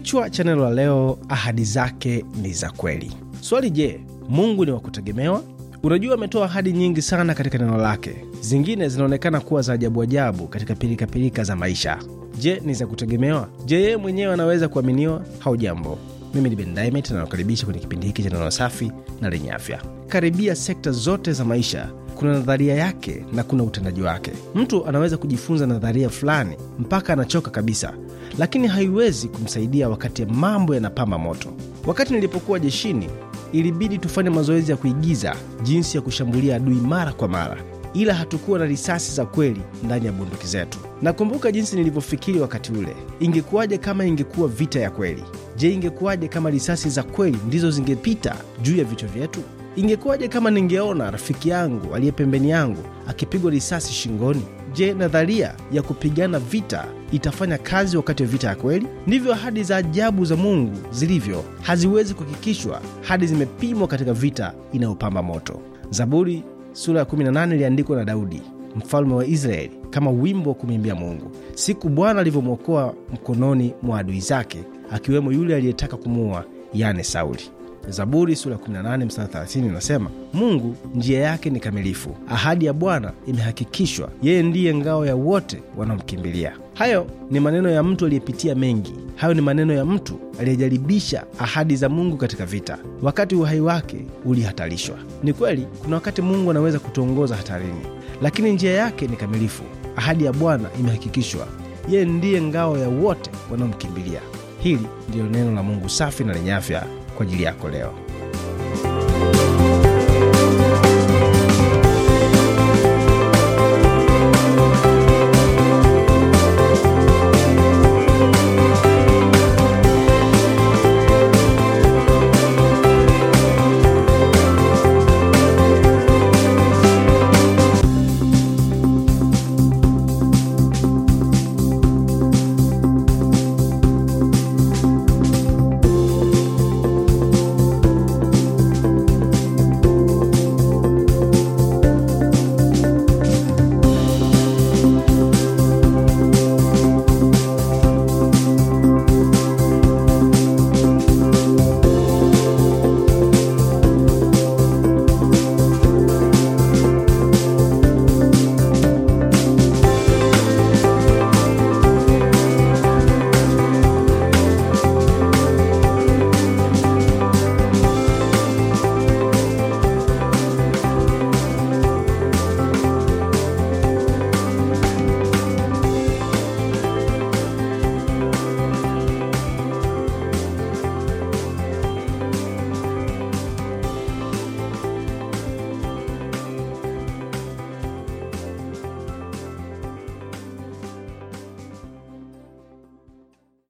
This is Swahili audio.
Kichwa cha neno la leo, ahadi zake ni za kweli. Swali: Je, Mungu ni wa kutegemewa? Unajua, ametoa ahadi nyingi sana katika neno lake. Zingine zinaonekana kuwa za ajabu ajabu katika pilikapilika za maisha. Je, ni za kutegemewa? Je, yeye mwenyewe anaweza kuaminiwa? Haujambo, mimi ni Ben Diamond na kwenye kipindi hiki cha neno safi na lenye afya. Karibia sekta zote za maisha kuna nadharia yake na kuna utendaji wake. Mtu anaweza kujifunza nadharia fulani mpaka anachoka kabisa, lakini haiwezi kumsaidia wakati mambo yanapamba moto. Wakati nilipokuwa jeshini, ilibidi tufanye mazoezi ya kuigiza jinsi ya kushambulia adui mara kwa mara, ila hatukuwa na risasi za kweli ndani ya bunduki zetu. Nakumbuka jinsi nilivyofikiri wakati ule, ingekuwaje kama ingekuwa vita ya kweli? Je, ingekuwaje kama risasi za kweli ndizo zingepita juu ya vichwa vyetu? Ingekuwaje kama ningeona rafiki yangu aliye pembeni yangu akipigwa risasi shingoni? Je, nadharia ya kupigana vita itafanya kazi wakati wa vita ya kweli? Ndivyo ahadi za ajabu za Mungu zilivyo, haziwezi kuhakikishwa hadi zimepimwa katika vita inayopamba moto. Zaburi sura ya 18 iliandikwa na Daudi mfalme wa Israeli kama wimbo wa kumwimbia Mungu siku Bwana alivyomwokoa mkononi mwa adui zake, akiwemo yule aliyetaka kumuua, yani Sauli. Zaburi sura 18 mstari 30 inasema, Mungu njia yake ni kamilifu, ahadi ya Bwana imehakikishwa, yeye ndiye ngao ya wote wanaomkimbilia. Hayo ni maneno ya mtu aliyepitia mengi. Hayo ni maneno ya mtu aliyejaribisha ahadi za Mungu katika vita, wakati uhai wake ulihatarishwa. Ni kweli, kuna wakati Mungu anaweza kutuongoza hatarini, lakini njia yake ni kamilifu, ahadi ya Bwana imehakikishwa, yeye ndiye ngao ya wote wanaomkimbilia. Hili ndiyo neno la Mungu safi na lenye afya kwa ajili yako leo.